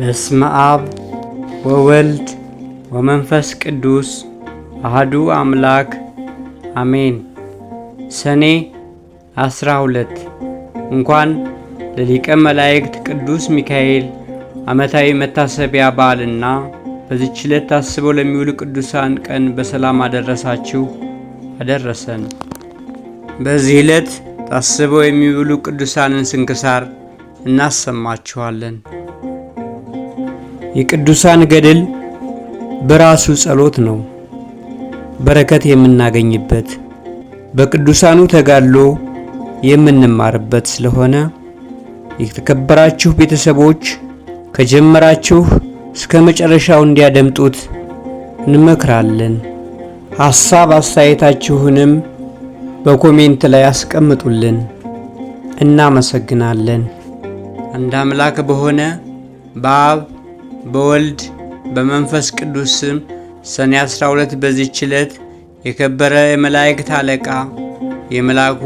በስመ አብ ወወልድ ወመንፈስ ቅዱስ አህዱ አምላክ አሜን። ሰኔ 12 እንኳን ለሊቀ መላእክት ቅዱስ ሚካኤል ዓመታዊ መታሰቢያ በዓልና በዚች ዕለት ታስበው ለሚውሉ ቅዱሳን ቀን በሰላም አደረሳችሁ አደረሰን። በዚህ ዕለት ታስበው የሚውሉ ቅዱሳንን ስንክሳር እናሰማችኋለን። የቅዱሳን ገድል በራሱ ጸሎት ነው። በረከት የምናገኝበት በቅዱሳኑ ተጋድሎ የምንማርበት ስለሆነ የተከበራችሁ ቤተሰቦች ከጀመራችሁ እስከ መጨረሻው እንዲያደምጡት እንመክራለን። ሐሳብ አስተያየታችሁንም በኮሜንት ላይ አስቀምጡልን። እናመሰግናለን። አንድ አምላክ በሆነ በአብ በወልድ በመንፈስ ቅዱስ ስም ሰኔ 12 በዚህች ዕለት የከበረ የመላእክት አለቃ የመልአኩ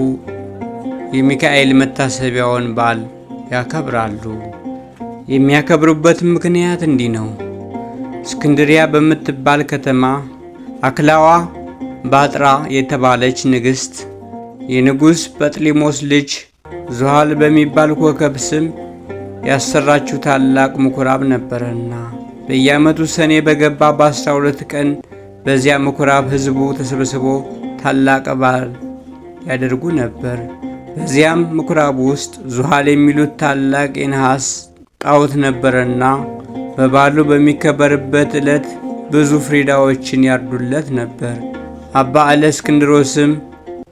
የሚካኤል መታሰቢያውን በዓል ያከብራሉ። የሚያከብሩበት ምክንያት እንዲህ ነው። እስክንድሪያ በምትባል ከተማ አክላዋ ባጥራ የተባለች ንግሥት የንጉሥ በጥሊሞስ ልጅ ዙሃል በሚባል ኮከብ ስም ያሰራችሁ ታላቅ ምኩራብ ነበረና በየዓመቱ ሰኔ በገባ በአስራ ሁለት ቀን በዚያ ምኩራብ ሕዝቡ ተሰብስቦ ታላቅ በዓል ያደርጉ ነበር። በዚያም ምኩራብ ውስጥ ዙሃል የሚሉት ታላቅ የነሐስ ጣዖት ነበረና በበዓሉ በሚከበርበት ዕለት ብዙ ፍሪዳዎችን ያርዱለት ነበር። አባ እለእስክንድሮስም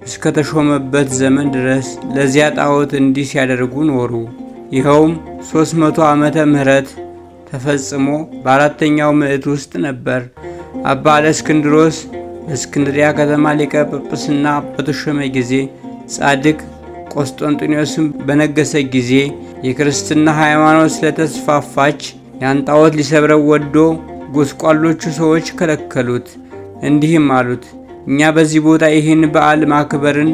እስከተሾመበት ዘመን ድረስ ለዚያ ጣዖት እንዲህ ሲያደርጉ ኖሩ። ይኸውም 300 ዓመተ ምህረት ተፈጽሞ በአራተኛው ምዕት ውስጥ ነበር። አባ እለእስክንድሮስ በእስክንድሪያ ከተማ ሊቀ ጵጵስና በተሾመ ጊዜ ጻድቅ ቆስጠንጢኖስም በነገሰ ጊዜ የክርስትና ሃይማኖት ስለተስፋፋች ያን ጣዖት ሊሰብረው ወዶ ጎስቋሎቹ ሰዎች ከለከሉት። እንዲህም አሉት፣ እኛ በዚህ ቦታ ይህን በዓል ማክበርን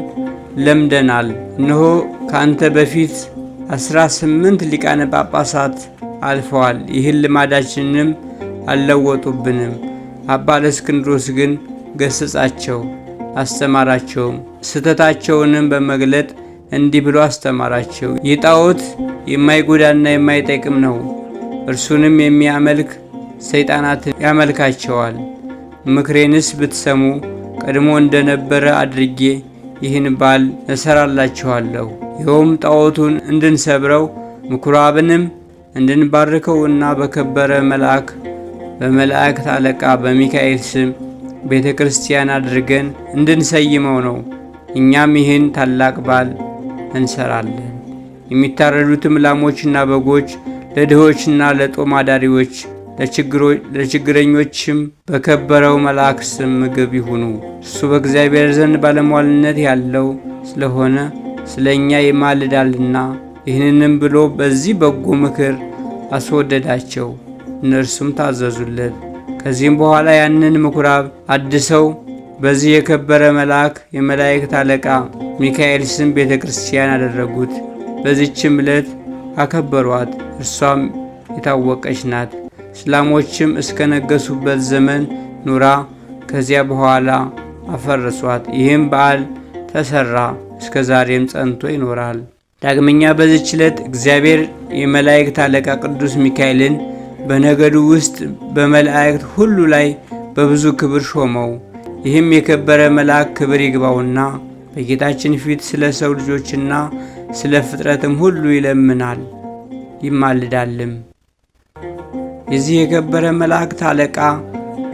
ለምደናል። እነሆ ከአንተ በፊት አስራ ስምንት ሊቃነ ጳጳሳት አልፈዋል። ይህን ልማዳችንንም አልለወጡብንም። አባ ለእስክንድሮስ ግን ገሰጻቸው፣ አስተማራቸውም። ስህተታቸውንም በመግለጥ እንዲህ ብሎ አስተማራቸው። ይህ ጣዖት የማይጎዳና የማይጠቅም ነው። እርሱንም የሚያመልክ ሰይጣናትን ያመልካቸዋል። ምክሬንስ ብትሰሙ ቀድሞ እንደነበረ አድርጌ ይህን ባል እሰራላችኋለሁ። ይኸውም ጣዖቱን እንድንሰብረው ምኩራብንም እንድንባርከው እና በከበረ መልአክ በመላእክት አለቃ በሚካኤል ስም ቤተ ክርስቲያን አድርገን እንድንሰይመው ነው። እኛም ይህን ታላቅ በዓል እንሰራለን። የሚታረዱትም ላሞችና በጎች ለድሆችና ለጦም አዳሪዎች ለችግረኞችም በከበረው መልአክ ስም ምግብ ይሁኑ። እሱ በእግዚአብሔር ዘንድ ባለሟልነት ያለው ስለሆነ ስለ እኛ ይማልዳልና። ይህንንም ብሎ በዚህ በጎ ምክር አስወደዳቸው፣ እነርሱም ታዘዙለት። ከዚህም በኋላ ያንን ምኩራብ አድሰው በዚህ የከበረ መልአክ የመላእክት አለቃ ሚካኤል ስም ቤተ ክርስቲያን አደረጉት። በዚችም ዕለት አከበሯት። እርሷም የታወቀች ናት። እስላሞችም እስከነገሱበት ዘመን ኑራ ከዚያ በኋላ አፈረሷት። ይህም በዓል ተሰራ፣ እስከ ዛሬም ጸንቶ ይኖራል። ዳግመኛ በዚች ዕለት እግዚአብሔር የመላእክት አለቃ ቅዱስ ሚካኤልን በነገዱ ውስጥ በመላእክት ሁሉ ላይ በብዙ ክብር ሾመው። ይህም የከበረ መልአክ ክብር ይግባውና በጌታችን ፊት ስለ ሰው ልጆችና ስለ ፍጥረትም ሁሉ ይለምናል ይማልዳልም። የዚህ የከበረ መላእክት አለቃ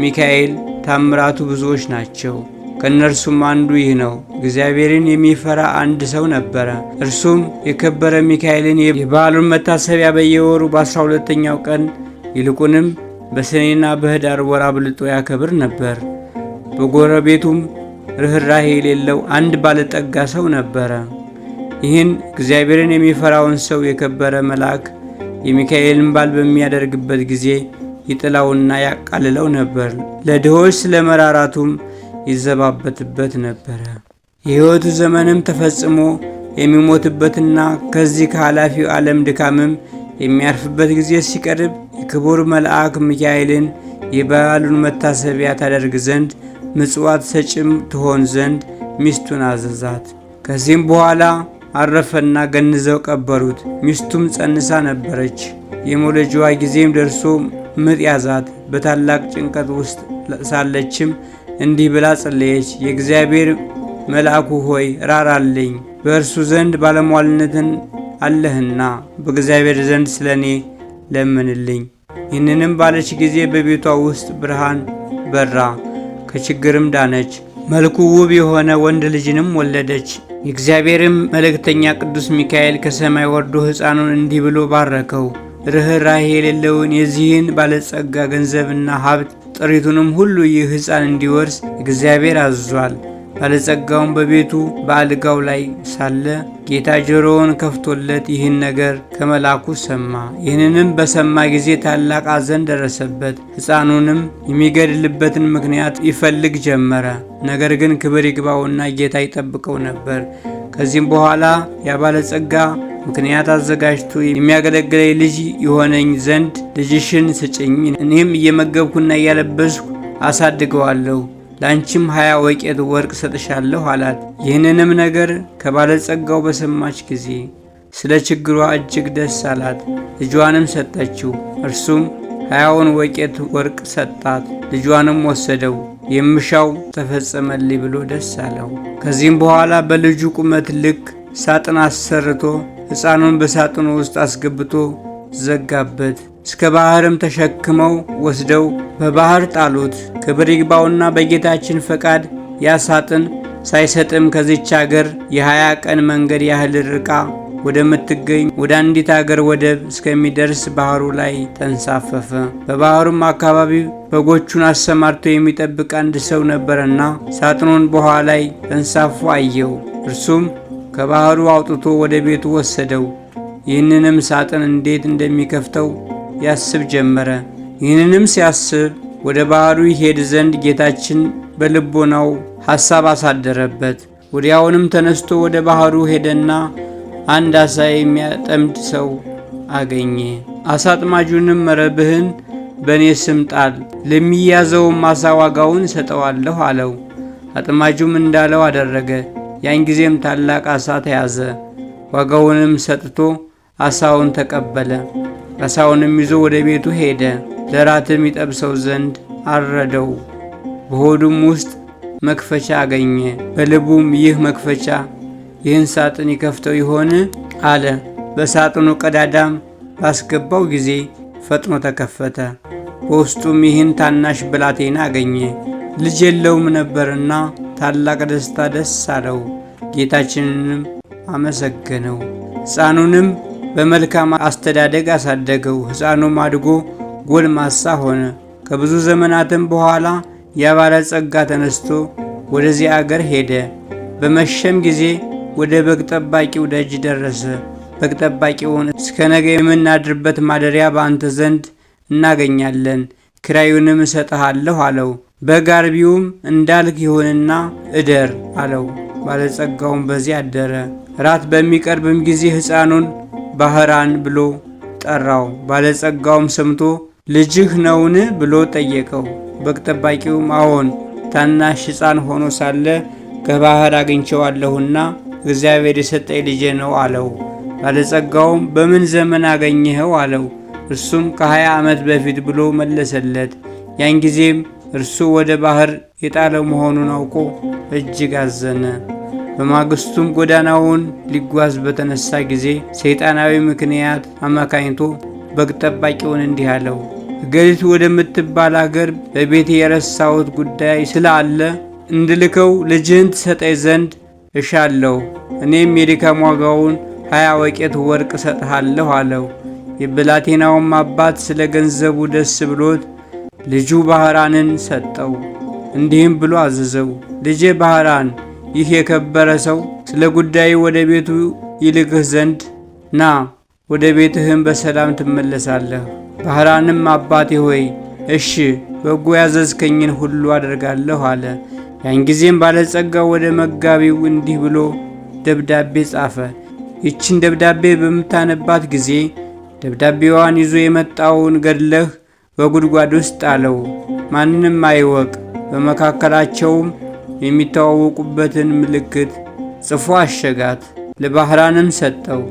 ሚካኤል ታምራቱ ብዙዎች ናቸው። ከእነርሱም አንዱ ይህ ነው። እግዚአብሔርን የሚፈራ አንድ ሰው ነበረ። እርሱም የከበረ ሚካኤልን የበዓሉን መታሰቢያ በየወሩ በ12ተኛው ቀን ይልቁንም በሰኔና በህዳር ወር አብልጦ ያከብር ነበር። በጎረቤቱም ርኅራሄ የሌለው አንድ ባለጠጋ ሰው ነበረ። ይህን እግዚአብሔርን የሚፈራውን ሰው የከበረ መልአክ የሚካኤልን በዓል በሚያደርግበት ጊዜ ይጥላውና ያቃልለው ነበር። ለድሆች ስለ መራራቱም ይዘባበትበት ነበረ። የሕይወቱ ዘመንም ተፈጽሞ የሚሞትበትና ከዚህ ከኃላፊው ዓለም ድካምም የሚያርፍበት ጊዜ ሲቀርብ የክቡር መልአክ ሚካኤልን የበዓሉን መታሰቢያ ታደርግ ዘንድ ምጽዋት ሰጭም ትሆን ዘንድ ሚስቱን አዘዛት። ከዚህም በኋላ አረፈና ገንዘው ቀበሩት። ሚስቱም ጸንሳ ነበረች። የመውለጃዋ ጊዜም ደርሶ ምጥ ያዛት። በታላቅ ጭንቀት ውስጥ ሳለችም እንዲህ ብላ ጸለየች። የእግዚአብሔር መልአኩ ሆይ ራራልኝ፣ በእርሱ ዘንድ ባለሟልነትን አለህና በእግዚአብሔር ዘንድ ስለ እኔ ለምንልኝ። ይህንንም ባለች ጊዜ በቤቷ ውስጥ ብርሃን በራ፣ ከችግርም ዳነች። መልኩ ውብ የሆነ ወንድ ልጅንም ወለደች። የእግዚአብሔርም መልእክተኛ ቅዱስ ሚካኤል ከሰማይ ወርዶ ሕፃኑን እንዲህ ብሎ ባረከው። ርኅራኄ የሌለውን የዚህን ባለጸጋ ገንዘብና ሀብት ጥሪቱንም ሁሉ ይህ ሕፃን እንዲወርስ እግዚአብሔር አዝዟል። ባለጸጋውም በቤቱ በአልጋው ላይ ሳለ ጌታ ጆሮውን ከፍቶለት ይህን ነገር ከመላኩ ሰማ። ይህንንም በሰማ ጊዜ ታላቅ አዘን ደረሰበት። ሕፃኑንም የሚገድልበትን ምክንያት ይፈልግ ጀመረ። ነገር ግን ክብር ይግባውና ጌታ ይጠብቀው ነበር። ከዚህም በኋላ ያባለጸጋ ምክንያት አዘጋጅቶ የሚያገለግለኝ ልጅ የሆነኝ ዘንድ ልጅሽን ስጭኝ፣ እኔም እየመገብኩና እያለበስኩ አሳድገዋለሁ ለአንቺም ሀያ ወቄት ወርቅ ሰጥሻለሁ አላት። ይህንንም ነገር ከባለጸጋው በሰማች ጊዜ ስለ ችግሯ እጅግ ደስ አላት። ልጇንም ሰጠችው። እርሱም ሀያውን ወቄት ወርቅ ሰጣት። ልጇንም ወሰደው። የምሻው ተፈጸመልኝ ብሎ ደስ አለው። ከዚህም በኋላ በልጁ ቁመት ልክ ሳጥን አሰርቶ ሕፃኑን በሳጥኑ ውስጥ አስገብቶ ዘጋበት። እስከ ባህርም ተሸክመው ወስደው በባህር ጣሉት። ክብር ይግባውና በጌታችን ፈቃድ ያ ሳጥን ሳይሰጥም ከዚች አገር የሀያ ቀን መንገድ ያህል ርቃ ወደምትገኝ ወደ አንዲት አገር ወደብ እስከሚደርስ ባህሩ ላይ ተንሳፈፈ። በባህሩም አካባቢ በጎቹን አሰማርቶ የሚጠብቅ አንድ ሰው ነበረና ሳጥኑን በውሃ ላይ ተንሳፎ አየው። እርሱም ከባህሩ አውጥቶ ወደ ቤቱ ወሰደው። ይህንንም ሳጥን እንዴት እንደሚከፍተው ያስብ ጀመረ። ይህንንም ሲያስብ ወደ ባህሩ ይሄድ ዘንድ ጌታችን በልቦናው ሐሳብ አሳደረበት። ወዲያውንም ተነስቶ ወደ ባህሩ ሄደና አንድ አሳ የሚያጠምድ ሰው አገኘ። አሳ አጥማጁንም መረብህን በእኔ ስም ጣል፣ ለሚያዘውም አሳ ዋጋውን እሰጠዋለሁ አለው። አጥማጁም እንዳለው አደረገ። ያን ጊዜም ታላቅ አሳ ተያዘ። ዋጋውንም ሰጥቶ አሳውን ተቀበለ። አሳውንም ይዞ ወደ ቤቱ ሄደ። ለራትም ይጠብሰው ዘንድ አረደው። በሆዱም ውስጥ መክፈቻ አገኘ። በልቡም ይህ መክፈቻ ይህን ሳጥን ይከፍተው ይሆን አለ። በሳጥኑ ቀዳዳም ባስገባው ጊዜ ፈጥኖ ተከፈተ። በውስጡም ይህን ታናሽ ብላቴና አገኘ። ልጅ የለውም ነበርና ታላቅ ደስታ ደስ አለው። ጌታችንንም አመሰገነው። ሕፃኑንም በመልካም አስተዳደግ አሳደገው። ሕፃኑም አድጎ ጎልማሳ ሆነ። ከብዙ ዘመናትም በኋላ ያባለ ጸጋ ተነስቶ ወደዚህ አገር ሄደ። በመሸም ጊዜ ወደ በግ ጠባቂው ደጅ ደረሰ። በግ ጠባቂውን እስከ ነገ የምናድርበት ማደሪያ በአንተ ዘንድ እናገኛለን፣ ክራዩንም እሰጥሃለሁ አለው። በግ አርቢውም እንዳልክ ይሁንና እደር አለው። ባለጸጋውም በዚህ አደረ። ራት በሚቀርብም ጊዜ ሕፃኑን ባህራን ብሎ ጠራው። ባለጸጋውም ሰምቶ ልጅህ ነውን ብሎ ጠየቀው። በግ ጠባቂውም አዎን፣ ታናሽ ሕፃን ሆኖ ሳለ ከባህር አለሁና እግዚአብሔር የሰጠኝ ልጄ ነው አለው። ባለጸጋውም በምን ዘመን አገኘኸው አለው። እርሱም ከሀያ ዓመት በፊት ብሎ መለሰለት። ያን ጊዜም እርሱ ወደ ባህር የጣለው መሆኑን አውቆ እጅግ አዘነ። በማግስቱም ጎዳናውን ሊጓዝ በተነሳ ጊዜ ሰይጣናዊ ምክንያት አማካኝቶ በግ ጠባቂውን እንዲህ አለው፣ እገሊቱ ወደምትባል አገር በቤት የረሳሁት ጉዳይ ስላለ እንድልከው ልጅህን ትሰጠኝ ዘንድ እሻለሁ። እኔም የድካም ዋጋውን ሀያ ወቄት ወርቅ እሰጥሃለሁ አለው። የብላቴናውም አባት ስለ ገንዘቡ ደስ ብሎት ልጁ ባህራንን ሰጠው። እንዲህም ብሎ አዘዘው፣ ልጄ ባህራን ይህ የከበረ ሰው ስለ ጉዳይ ወደ ቤቱ ይልክህ ዘንድ ና፣ ወደ ቤትህም በሰላም ትመለሳለህ። ባህራንም አባቴ ሆይ እሺ፣ በጎ ያዘዝከኝን ሁሉ አደርጋለሁ አለ። ያን ጊዜም ባለጸጋው ወደ መጋቢው እንዲህ ብሎ ደብዳቤ ጻፈ። ይችን ደብዳቤ በምታነባት ጊዜ ደብዳቤዋን ይዞ የመጣውን ገድለህ በጉድጓድ ውስጥ ጣለው። ማንም አይወቅ። በመካከላቸውም የሚተዋወቁበትን ምልክት ጽፎ አሸጋት። ለባህራንም ሰጠው።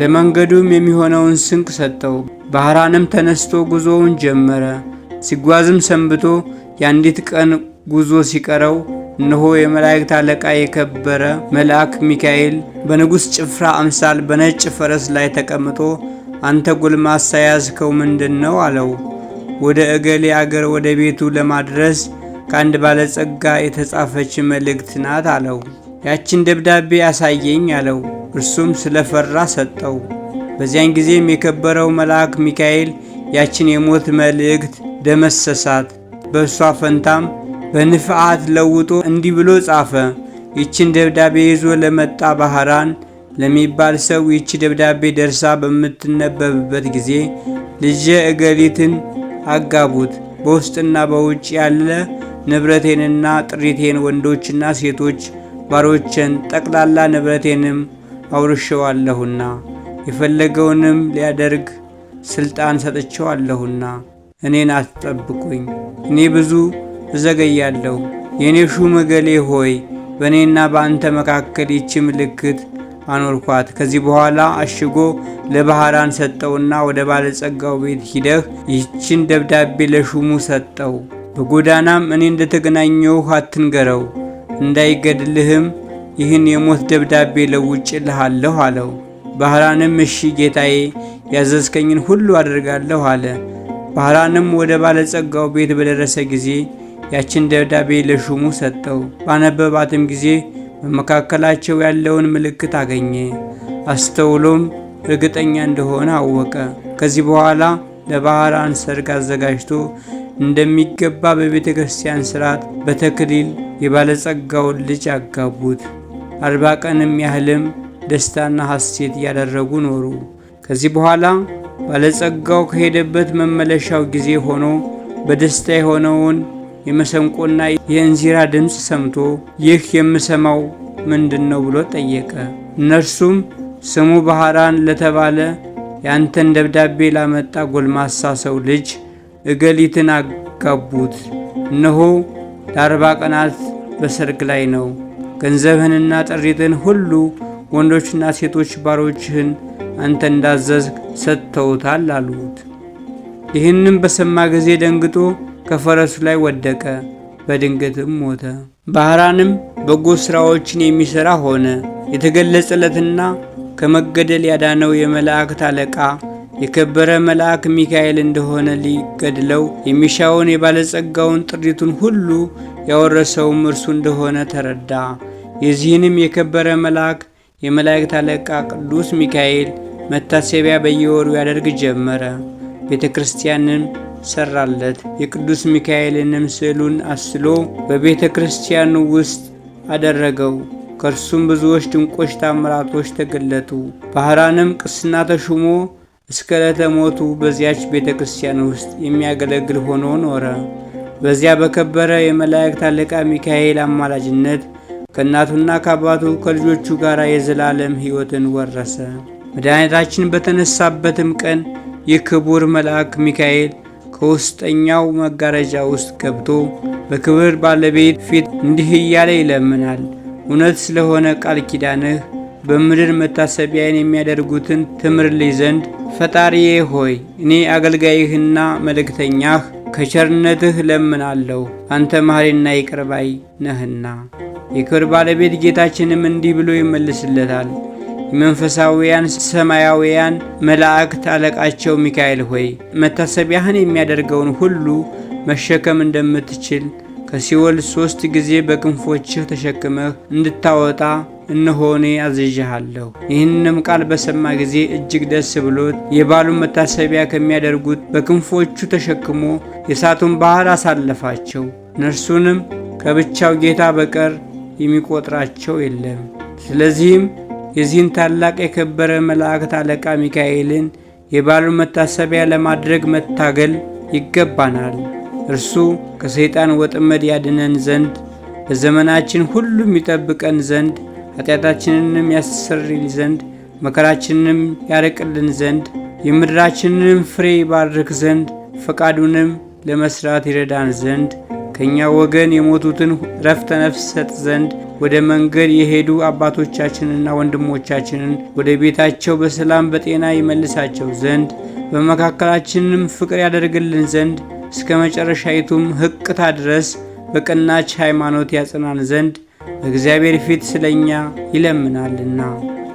ለመንገዱም የሚሆነውን ስንቅ ሰጠው። ባህራንም ተነስቶ ጉዞውን ጀመረ። ሲጓዝም ሰንብቶ የአንዲት ቀን ጉዞ ሲቀረው እነሆ የመላእክት አለቃ የከበረ መልአክ ሚካኤል በንጉሥ ጭፍራ አምሳል በነጭ ፈረስ ላይ ተቀምጦ አንተ ጎልማሳ ያዝከው ምንድን ነው? አለው። ወደ እገሌ አገር ወደ ቤቱ ለማድረስ ከአንድ ባለጸጋ የተጻፈች መልእክት ናት አለው። ያችን ደብዳቤ ያሳየኝ አለው። እርሱም ስለፈራ ሰጠው። በዚያን ጊዜም የከበረው መልአክ ሚካኤል ያችን የሞት መልእክት ደመሰሳት። በእሷ ፈንታም በንፍዓት ለውጦ እንዲህ ብሎ ጻፈ። ይችን ደብዳቤ ይዞ ለመጣ ባህራን ለሚባል ሰው ይቺ ደብዳቤ ደርሳ በምትነበብበት ጊዜ ልጄ እገሊትን አጋቡት። በውስጥና በውጭ ያለ ንብረቴንና ጥሪቴን ወንዶችና ሴቶች ባሮችን ጠቅላላ ንብረቴንም አውርሸዋለሁና የፈለገውንም ሊያደርግ ስልጣን ሰጥቸዋለሁና እኔን አትጠብቁኝ፣ እኔ ብዙ እዘገያለሁ። የእኔ ሹም እገሌ ሆይ በእኔና በአንተ መካከል ይቺ ምልክት አኖርኳት። ከዚህ በኋላ አሽጎ ለባህራን ሰጠውና ወደ ባለጸጋው ቤት ሂደህ ይህችን ደብዳቤ ለሹሙ ሰጠው። በጎዳናም እኔ እንደተገናኘሁህ አትንገረው፣ እንዳይገድልህም ይህን የሞት ደብዳቤ ለውጭልሃለሁ አለው። ባህራንም እሺ ጌታዬ፣ ያዘዝከኝን ሁሉ አደርጋለሁ አለ። ባህራንም ወደ ባለጸጋው ቤት በደረሰ ጊዜ ያችን ደብዳቤ ለሹሙ ሰጠው። ባነበባትም ጊዜ በመካከላቸው ያለውን ምልክት አገኘ። አስተውሎም እርግጠኛ እንደሆነ አወቀ። ከዚህ በኋላ ለባህራን ሰርግ አዘጋጅቶ እንደሚገባ በቤተ ክርስቲያን ስርዓት በተክሊል የባለጸጋውን ልጅ አጋቡት። አርባ ቀንም ያህልም ደስታና ሐሴት እያደረጉ ኖሩ። ከዚህ በኋላ ባለጸጋው ከሄደበት መመለሻው ጊዜ ሆኖ በደስታ የሆነውን የመሰንቆና የእንዚራ ድምፅ ሰምቶ ይህ የምሰማው ምንድን ነው ብሎ ጠየቀ። እነርሱም ስሙ ባህራን ለተባለ ያንተን ደብዳቤ ላመጣ ጎልማሳ ሰው ልጅ እገሊትን አጋቡት። እነሆ ለአርባ ቀናት በሰርግ ላይ ነው። ገንዘብህንና ጥሪትን ሁሉ ወንዶችና ሴቶች ባሮችህን አንተ እንዳዘዝ ሰጥተውታል አሉት። ይህንም በሰማ ጊዜ ደንግጦ ከፈረሱ ላይ ወደቀ፣ በድንገትም ሞተ። ባህራንም በጎ ሥራዎችን የሚሠራ ሆነ። የተገለጸለትና ከመገደል ያዳነው የመላእክት አለቃ የከበረ መልአክ ሚካኤል እንደሆነ ሊገድለው የሚሻውን የባለጸጋውን ጥሪቱን ሁሉ ያወረሰውም እርሱ እንደሆነ ተረዳ። የዚህንም የከበረ መልአክ የመላእክት አለቃ ቅዱስ ሚካኤል መታሰቢያ በየወሩ ያደርግ ጀመረ። ቤተ ክርስቲያንን ሰራለት። የቅዱስ ሚካኤልንም ስዕሉን አስሎ በቤተ ክርስቲያኑ ውስጥ አደረገው። ከእርሱም ብዙዎች ድንቆች ታምራቶች ተገለጡ። ባህራንም ቅስና ተሹሞ እስከ ለተሞቱ በዚያች ቤተ ክርስቲያን ውስጥ የሚያገለግል ሆኖ ኖረ። በዚያ በከበረ የመላእክት አለቃ ሚካኤል አማላጅነት ከእናቱና ከአባቱ ከልጆቹ ጋር የዘላለም ሕይወትን ወረሰ። መድኃኒታችን በተነሳበትም ቀን ይህ ክቡር መልአክ ሚካኤል ከውስጠኛው መጋረጃ ውስጥ ገብቶ በክብር ባለቤት ፊት እንዲህ እያለ ይለምናል። እውነት ስለሆነ ቃል ኪዳንህ በምድር መታሰቢያን የሚያደርጉትን ትምርልኝ ዘንድ ፈጣሪዬ ሆይ እኔ አገልጋይህና መልእክተኛህ ከቸርነትህ ለምናለሁ፣ አንተ መሐሪና ይቅርባይ ነህና። የክብር ባለቤት ጌታችንም እንዲህ ብሎ ይመልስለታል መንፈሳውያን ሰማያውያን መላእክት አለቃቸው ሚካኤል ሆይ መታሰቢያህን የሚያደርገውን ሁሉ መሸከም እንደምትችል ከሲኦል ሦስት ጊዜ በክንፎችህ ተሸክመህ እንድታወጣ እነሆ እኔ አዝዣሃለሁ። ይህንም ቃል በሰማ ጊዜ እጅግ ደስ ብሎት የባሉን መታሰቢያ ከሚያደርጉት በክንፎቹ ተሸክሞ የእሳቱን ባህር አሳለፋቸው። ነርሱንም ከብቻው ጌታ በቀር የሚቆጥራቸው የለም። ስለዚህም የዚህን ታላቅ የከበረ መላእክት አለቃ ሚካኤልን የባሉ መታሰቢያ ለማድረግ መታገል ይገባናል። እርሱ ከሰይጣን ወጥመድ ያድነን ዘንድ በዘመናችን ሁሉም ይጠብቀን ዘንድ ኃጢአታችንንም ያሰርል ዘንድ መከራችንንም ያርቅልን ዘንድ የምድራችንንም ፍሬ ይባርክ ዘንድ ፈቃዱንም ለመስራት ይረዳን ዘንድ ከእኛ ወገን የሞቱትን ረፍተ ነፍስ ሰጥ ዘንድ ወደ መንገድ የሄዱ አባቶቻችንና ወንድሞቻችንን ወደ ቤታቸው በሰላም በጤና ይመልሳቸው ዘንድ በመካከላችንም ፍቅር ያደርግልን ዘንድ እስከ መጨረሻይቱም ሕቅታ ድረስ በቀናች ሃይማኖት ያጽናን። ዘንድ በእግዚአብሔር ፊት ስለኛ ይለምናልና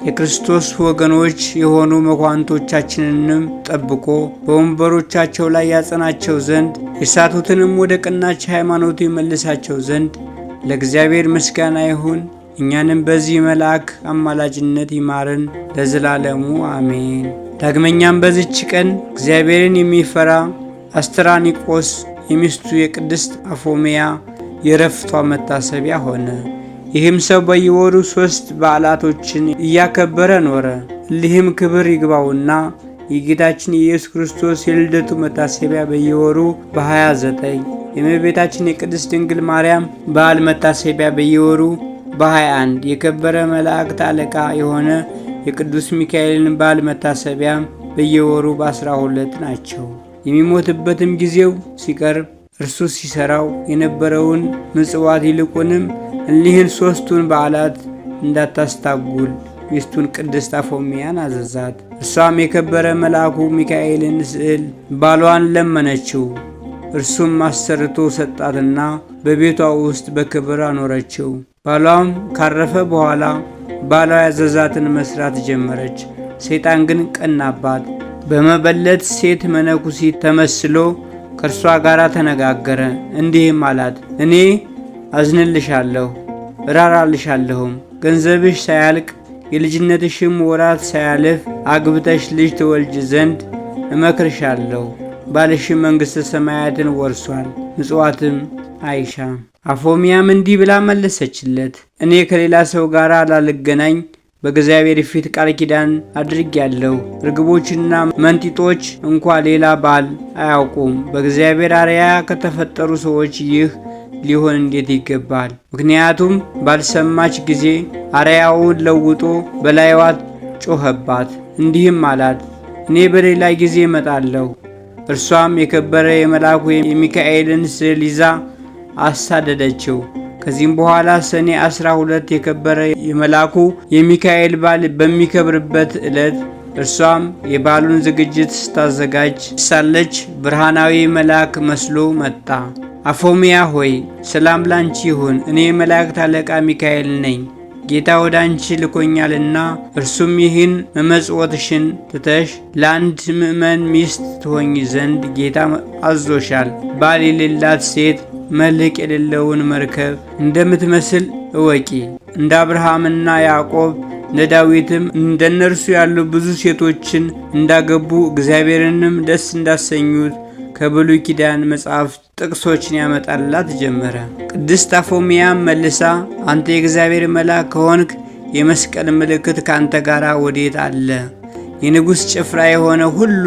የክርስቶስ ወገኖች የሆኑ መኳንቶቻችንንም ጠብቆ በወንበሮቻቸው ላይ ያጸናቸው ዘንድ የሳቱትንም ወደ ቀናች ሃይማኖቱ ይመልሳቸው ዘንድ ለእግዚአብሔር ምስጋና ይሁን። እኛንም በዚህ መልአክ አማላጅነት ይማርን ለዘላለሙ አሜን። ዳግመኛም በዚች ቀን እግዚአብሔርን የሚፈራ አስተራኒቆስ የሚስቱ የቅድስት አፎሜያ የረፍቷ መታሰቢያ ሆነ። ይህም ሰው በየወሩ ሶስት በዓላቶችን እያከበረ ኖረ። እሊህም ክብር ይግባውና የጌታችን የኢየሱስ ክርስቶስ የልደቱ መታሰቢያ በየወሩ በ29 የእመቤታችን የቅድስት ድንግል ማርያም በዓል መታሰቢያ በየወሩ በ21 የከበረ መላእክት አለቃ የሆነ የቅዱስ ሚካኤልን በዓል መታሰቢያ በየወሩ በ12 ናቸው። የሚሞትበትም ጊዜው ሲቀርብ እርሱ ሲሰራው የነበረውን ምጽዋት ይልቁንም እሊህን ሦስቱን በዓላት እንዳታስታጉል ሚስቱን ቅድስት አፎሚያን አዘዛት። እሷም የከበረ መልአኩ ሚካኤልን ስዕል ባሏን ለመነችው። እርሱም አሰርቶ ሰጣትና በቤቷ ውስጥ በክብር አኖረችው። ባሏም ካረፈ በኋላ ባሏ ያዘዛትን መስራት ጀመረች። ሰይጣን ግን ቀናባት። በመበለት ሴት መነኩሲት ተመስሎ ከእርሷ ጋር ተነጋገረ። እንዲህም አላት፣ እኔ አዝንልሻለሁ እራራልሻለሁም። ገንዘብሽ ሳያልቅ የልጅነትሽም ወራት ሳያልፍ አግብተሽ ልጅ ትወልጅ ዘንድ እመክርሻለሁ። ባልሽም መንግሥተ ሰማያትን ወርሷል፣ ምጽዋትም አይሻም። አፎሚያም እንዲህ ብላ መለሰችለት፣ እኔ ከሌላ ሰው ጋር ላልገናኝ በእግዚአብሔር ፊት ቃል ኪዳን አድርጌያለሁ። ርግቦችና መንጢጦች እንኳ ሌላ ባል አያውቁም። በእግዚአብሔር አርያ ከተፈጠሩ ሰዎች ይህ ሊሆን እንዴት ይገባል? ምክንያቱም ባልሰማች ጊዜ አርያውን ለውጦ በላይዋ ጮኸባት፣ እንዲህም አላት፣ እኔ በሌላ ጊዜ እመጣለሁ። እርሷም የከበረ የመልአኩ የሚካኤልን ስዕል ይዛ አሳደደችው። ከዚህም በኋላ ሰኔ 12 የከበረ የመልአኩ የሚካኤል በዓል በሚከብርበት ዕለት እርሷም የበዓሉን ዝግጅት ስታዘጋጅ ሳለች ብርሃናዊ መልአክ መስሎ መጣ። አፎሚያ ሆይ ሰላም ላንቺ ይሁን፣ እኔ የመላእክት አለቃ ሚካኤል ነኝ፣ ጌታ ወደ አንቺ ልኮኛልና እርሱም ይህን መመጽወትሽን ትተሽ ለአንድ ምእመን ሚስት ትሆኝ ዘንድ ጌታ አዞሻል። ባል የሌላት ሴት መልቅ የሌለውን መርከብ እንደምትመስል እወቂ። እንደ አብርሃምና ያዕቆብ እንደ ዳዊትም እንደ እነርሱ ያሉ ብዙ ሴቶችን እንዳገቡ እግዚአብሔርንም ደስ እንዳሰኙት ከብሉይ ኪዳን መጽሐፍት ጥቅሶችን ያመጣላት ጀመረ። ቅድስት አፎሚያም መልሳ አንተ የእግዚአብሔር መልአክ ከሆንክ የመስቀል ምልክት ከአንተ ጋር ወዴት አለ? የንጉሥ ጭፍራ የሆነ ሁሉ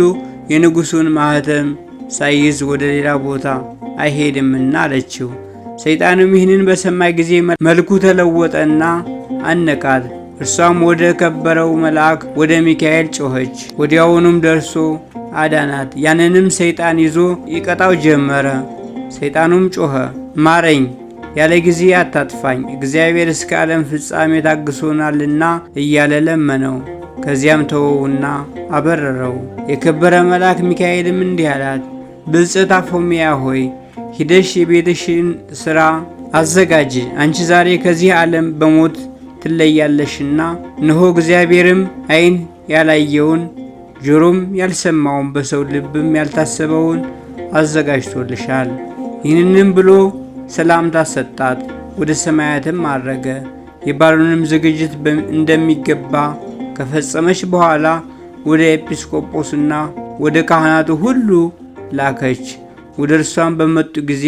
የንጉሡን ማኅተም ሳይዝ ወደ ሌላ ቦታ አይሄድምና አለችው። ሰይጣንም ይህንን በሰማ ጊዜ መልኩ ተለወጠና አነቃት። እርሷም ወደ ከበረው መልአክ ወደ ሚካኤል ጮኸች። ወዲያውኑም ደርሶ አዳናት። ያንንም ሰይጣን ይዞ ይቀጣው ጀመረ። ሰይጣኑም ጮኸ፣ ማረኝ ያለ ጊዜ አታጥፋኝ፣ እግዚአብሔር እስከ ዓለም ፍጻሜ ታግሶናልና እያለ ለመነው። ከዚያም ተወውና አበረረው። የከበረ መልአክ ሚካኤልም እንዲህ አላት ብጽዕት አፎሚያ ሆይ ሂደሽ የቤትሽን ሥራ አዘጋጅ፣ አንቺ ዛሬ ከዚህ ዓለም በሞት ትለያለሽና። እነሆ እግዚአብሔርም ዓይን ያላየውን ጆሮም ያልሰማውን በሰው ልብም ያልታሰበውን አዘጋጅቶልሻል። ይህንንም ብሎ ሰላምታ ሰጣት። ወደ ሰማያትም አረገ። የባሉንም ዝግጅት እንደሚገባ ከፈጸመች በኋላ ወደ ኤጲስቆጶስና ወደ ካህናቱ ሁሉ ላከች። ወደ እርሷም በመጡ ጊዜ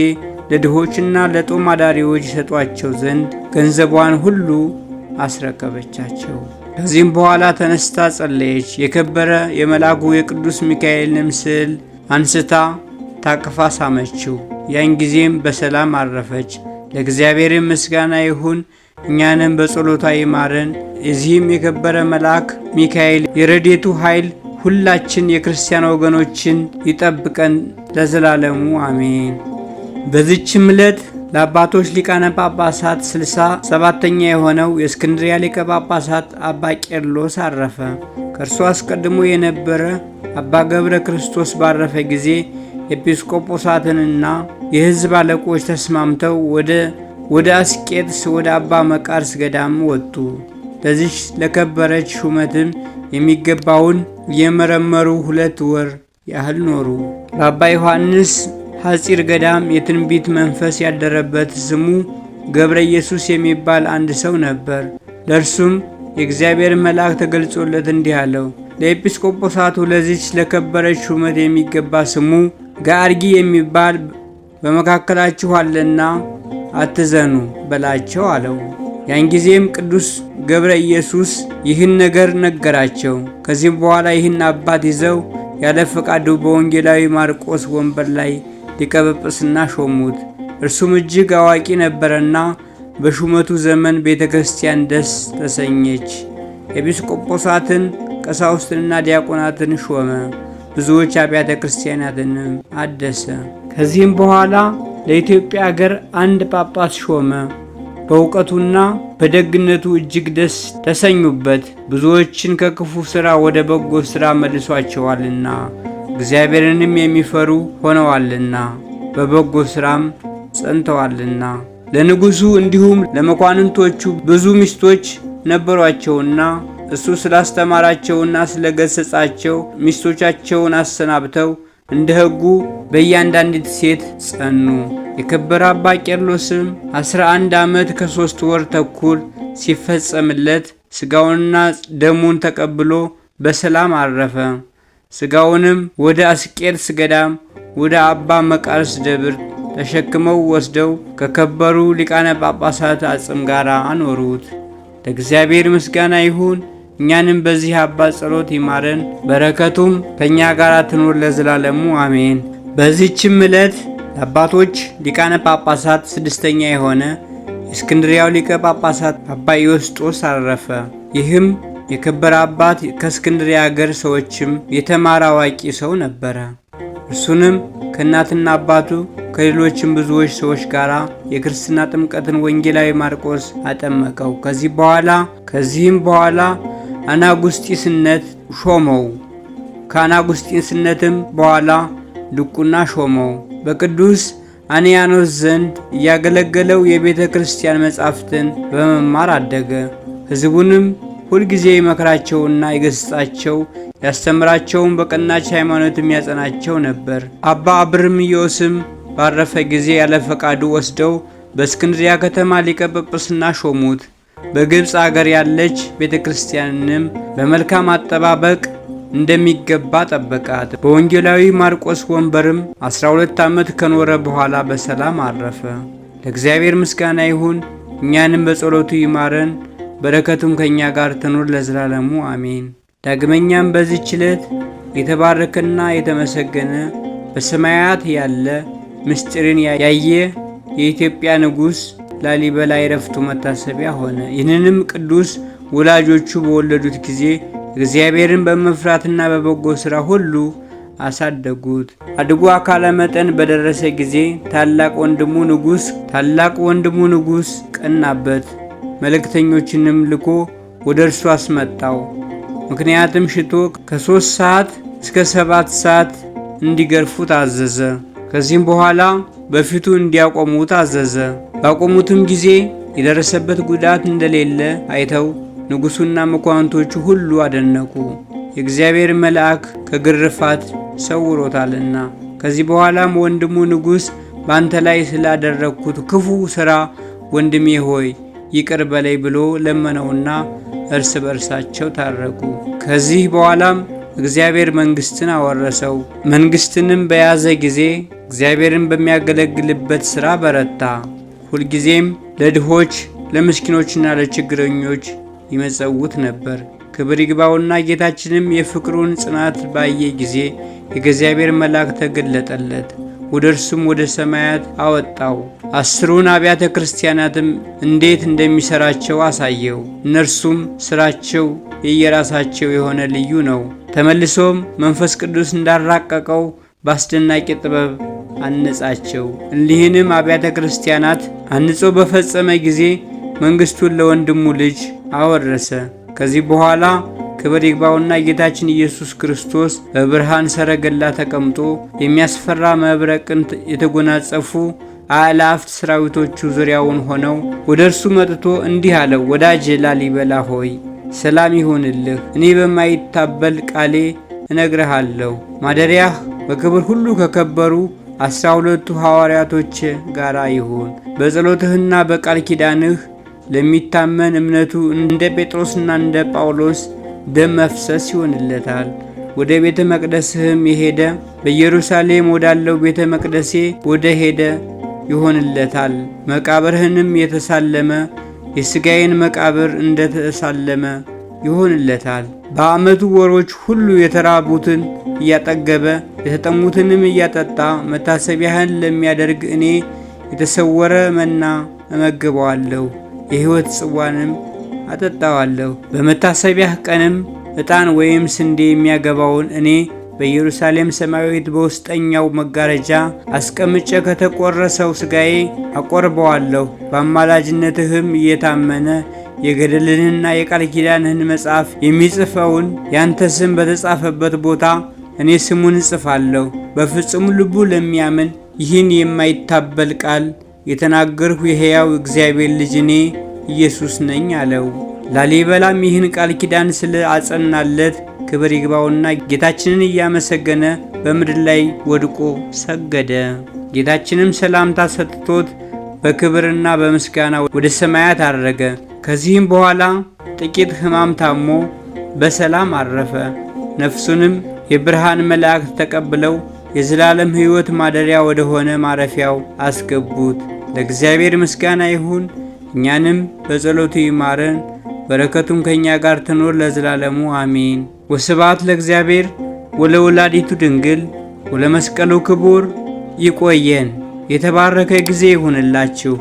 ለድሆችና ለጦም አዳሪዎች ይሰጧቸው ዘንድ ገንዘቧን ሁሉ አስረከበቻቸው። ከዚህም በኋላ ተነስታ ጸለየች። የከበረ የመልአኩ የቅዱስ ሚካኤልን ስዕል አንስታ ታቅፋ ሳመችው። ያን ጊዜም በሰላም አረፈች። ለእግዚአብሔር ምስጋና ይሁን፣ እኛንም በጸሎቷ ይማረን። የዚህም የከበረ መልአክ ሚካኤል የረዴቱ ኃይል ሁላችን የክርስቲያን ወገኖችን ይጠብቀን ለዘላለሙ አሜን። በዚችም ዕለት ለአባቶች ሊቃነ ጳጳሳት ስልሳ ሰባተኛ የሆነው የእስክንድሪያ ሊቀ ጳጳሳት አባ ቄርሎስ አረፈ። ከእርሱ አስቀድሞ የነበረ አባ ገብረ ክርስቶስ ባረፈ ጊዜ ኤጲስቆጶሳትንና የሕዝብ አለቆች ተስማምተው ወደ ወደ አስቄጥስ ወደ አባ መቃርስ ገዳም ወጡ። ለዚች ለከበረች ሹመትም የሚገባውን እየመረመሩ ሁለት ወር ያህል ኖሩ። ለአባ ዮሐንስ ሐጺር ገዳም የትንቢት መንፈስ ያደረበት ስሙ ገብረ ኢየሱስ የሚባል አንድ ሰው ነበር። ለእርሱም የእግዚአብሔር መልአክ ተገልጾለት እንዲህ አለው፣ ለኤጲስቆጶሳቱ ለዚች ለከበረች ሹመት የሚገባ ስሙ ጋርጊ የሚባል በመካከላችሁ አለና አትዘኑ በላቸው አለው። ያን ጊዜም ቅዱስ ገብረ ኢየሱስ ይህን ነገር ነገራቸው። ከዚህም በኋላ ይህን አባት ይዘው ያለ ፈቃዱ በወንጌላዊ ማርቆስ ወንበር ላይ ሊቀ ጵጵስና ሾሙት። እርሱም እጅግ አዋቂ ነበረና በሹመቱ ዘመን ቤተ ክርስቲያን ደስ ተሰኘች። ኤጲስቆጶሳትን፣ ቀሳውስትንና ዲያቆናትን ሾመ። ብዙዎች አብያተ ክርስቲያናትንም አደሰ። ከዚህም በኋላ ለኢትዮጵያ አገር አንድ ጳጳስ ሾመ። በእውቀቱና በደግነቱ እጅግ ደስ ተሰኙበት፣ ብዙዎችን ከክፉ ሥራ ወደ በጎ ሥራ መልሷቸዋልና እግዚአብሔርንም የሚፈሩ ሆነዋልና በበጎ ሥራም ጸንተዋልና። ለንጉሡ እንዲሁም ለመኳንንቶቹ ብዙ ሚስቶች ነበሯቸውና እሱ ስላስተማራቸውና ስለገሰጻቸው ሚስቶቻቸውን አሰናብተው እንደ ሕጉ በእያንዳንዲት ሴት ጸኑ። የከበረ አባ ቄርሎስም 11 ዓመት ከሶስት ወር ተኩል ሲፈጸምለት ሥጋውንና ደሙን ተቀብሎ በሰላም አረፈ። ሥጋውንም ወደ አስቄርስ ገዳም ወደ አባ መቃርስ ደብር ተሸክመው ወስደው ከከበሩ ሊቃነ ጳጳሳት አጽም ጋር አኖሩት። ለእግዚአብሔር ምስጋና ይሁን። እኛንም በዚህ አባት ጸሎት ይማረን፣ በረከቱም ከእኛ ጋር ትኖር ለዘላለሙ አሜን። በዚህችም ዕለት ለአባቶች ሊቃነ ጳጳሳት ስድስተኛ የሆነ የእስክንድሪያው ሊቀ ጳጳሳት አባ ዮስጦስ አረፈ። ይህም የከበረ አባት ከእስክንድሪያ አገር ሰዎችም የተማረ አዋቂ ሰው ነበረ። እርሱንም ከእናትና አባቱ ከሌሎችም ብዙዎች ሰዎች ጋር የክርስትና ጥምቀትን ወንጌላዊ ማርቆስ አጠመቀው። ከዚህ በኋላ ከዚህም በኋላ አናጉስጢስነት ሾመው። ከአናጉስጢስነትም በኋላ ድቁና ሾመው። በቅዱስ አንያኖስ ዘንድ እያገለገለው የቤተ ክርስቲያን መጻሕፍትን በመማር አደገ። ሕዝቡንም ሁልጊዜ ይመክራቸውና ይገሥጻቸው፣ ያስተምራቸውን በቀናች ሃይማኖትም ያጸናቸው ነበር። አባ አብርምዮስም ባረፈ ጊዜ ያለ ፈቃዱ ወስደው በእስክንድሪያ ከተማ ሊቀ ጵጵስና ሾሙት። በግብፅ አገር ያለች ቤተ ክርስቲያንንም በመልካም አጠባበቅ እንደሚገባ ጠበቃት። በወንጌላዊ ማርቆስ ወንበርም 12 ዓመት ከኖረ በኋላ በሰላም አረፈ። ለእግዚአብሔር ምስጋና ይሁን፣ እኛንም በጸሎቱ ይማረን፣ በረከቱም ከእኛ ጋር ትኑር ለዘላለሙ አሜን። ዳግመኛም በዚህች ዕለት የተባረከና የተመሰገነ በሰማያት ያለ ምስጢርን ያየ የኢትዮጵያ ንጉሥ ላሊበላ የረፍቱ መታሰቢያ ሆነ። ይህንንም ቅዱስ ወላጆቹ በወለዱት ጊዜ እግዚአብሔርን በመፍራትና በበጎ ሥራ ሁሉ አሳደጉት። አድጎ አካለ መጠን በደረሰ ጊዜ ታላቅ ወንድሙ ንጉሥ ታላቅ ወንድሙ ንጉሥ ቀናበት። መልእክተኞችንም ልኮ ወደ እርሱ አስመጣው። ምክንያትም ሽቶ ከሦስት ሰዓት እስከ ሰባት ሰዓት እንዲገርፉት አዘዘ። ከዚህም በኋላ በፊቱ እንዲያቆሙት አዘዘ። ባቆሙትም ጊዜ የደረሰበት ጉዳት እንደሌለ አይተው ንጉሡና መኳንቶቹ ሁሉ አደነቁ፣ የእግዚአብሔር መልአክ ከግርፋት ሰውሮታልና። ከዚህ በኋላም ወንድሙ ንጉሥ በአንተ ላይ ስላደረግኩት ክፉ ሥራ ወንድሜ ሆይ ይቅር በለይ ብሎ ለመነውና እርስ በእርሳቸው ታረቁ። ከዚህ በኋላም እግዚአብሔር መንግሥትን አወረሰው። መንግሥትንም በያዘ ጊዜ እግዚአብሔርን በሚያገለግልበት ሥራ በረታ። ሁልጊዜም ለድሆች ለምስኪኖችና ለችግረኞች ይመጸውት ነበር። ክብር ይግባውና ጌታችንም የፍቅሩን ጽናት ባየ ጊዜ የእግዚአብሔር መልአክ ተገለጠለት፣ ወደ እርሱም ወደ ሰማያት አወጣው። አስሩን አብያተ ክርስቲያናትም እንዴት እንደሚሰራቸው አሳየው። እነርሱም ስራቸው የየራሳቸው የሆነ ልዩ ነው። ተመልሶም መንፈስ ቅዱስ እንዳራቀቀው በአስደናቂ ጥበብ አነጻቸው። እንዲህንም አብያተ ክርስቲያናት አንጾ በፈጸመ ጊዜ መንግስቱን ለወንድሙ ልጅ አወረሰ። ከዚህ በኋላ ክብር ይግባውና ጌታችን ኢየሱስ ክርስቶስ በብርሃን ሰረገላ ተቀምጦ የሚያስፈራ መብረቅን የተጎናጸፉ አእላፍት ሰራዊቶቹ ዙሪያውን ሆነው ወደ እርሱ መጥቶ እንዲህ አለው፣ ወዳጅ ላሊበላ ሆይ ሰላም ይሁንልህ። እኔ በማይታበል ቃሌ እነግርሃለሁ ማደሪያህ በክብር ሁሉ ከከበሩ አስራ ሁለቱ ሐዋርያቶች ጋር ይሁን። በጸሎትህና በቃል ኪዳንህ ለሚታመን እምነቱ እንደ ጴጥሮስና እንደ ጳውሎስ ደም መፍሰስ ይሆንለታል። ወደ ቤተ መቅደስህም የሄደ በኢየሩሳሌም ወዳለው ቤተ መቅደሴ ወደ ሄደ ይሆንለታል። መቃብርህንም የተሳለመ የሥጋዬን መቃብር እንደተሳለመ ይሆንለታል። በዓመቱ ወሮች ሁሉ የተራቡትን እያጠገበ የተጠሙትንም እያጠጣ መታሰቢያህን ለሚያደርግ እኔ የተሰወረ መና እመግበዋለሁ፣ የሕይወት ጽዋንም አጠጣዋለሁ። በመታሰቢያህ ቀንም ዕጣን ወይም ስንዴ የሚያገባውን እኔ በኢየሩሳሌም ሰማያዊት በውስጠኛው መጋረጃ አስቀምጨ ከተቆረሰው ሥጋዬ አቆርበዋለሁ። በአማላጅነትህም እየታመነ የገድልንና የቃል ኪዳንህን መጽሐፍ የሚጽፈውን ያንተ ስም በተጻፈበት ቦታ እኔ ስሙን እጽፋለሁ። በፍጹም ልቡ ለሚያምን ይህን የማይታበል ቃል የተናገርሁ የሕያው እግዚአብሔር ልጅ እኔ ኢየሱስ ነኝ አለው። ላሊበላም ይህን ቃል ኪዳን ስለ አጸናለት ክብር ይግባውና ጌታችንን እያመሰገነ በምድር ላይ ወድቆ ሰገደ። ጌታችንም ሰላምታ ሰጥቶት በክብርና በምስጋና ወደ ሰማያት አረገ። ከዚህም በኋላ ጥቂት ሕማም ታሞ በሰላም አረፈ። ነፍሱንም የብርሃን መላእክት ተቀብለው የዘላለም ሕይወት ማደሪያ ወደ ሆነ ማረፊያው አስገቡት። ለእግዚአብሔር ምስጋና ይሁን፣ እኛንም በጸሎቱ ይማረን በረከቱም ከእኛ ጋር ትኖር ለዘላለሙ አሜን። ወስብሐት ለእግዚአብሔር ወለወላዲቱ ድንግል ወለመስቀሉ ክቡር። ይቆየን። የተባረከ ጊዜ ይሁንላችሁ።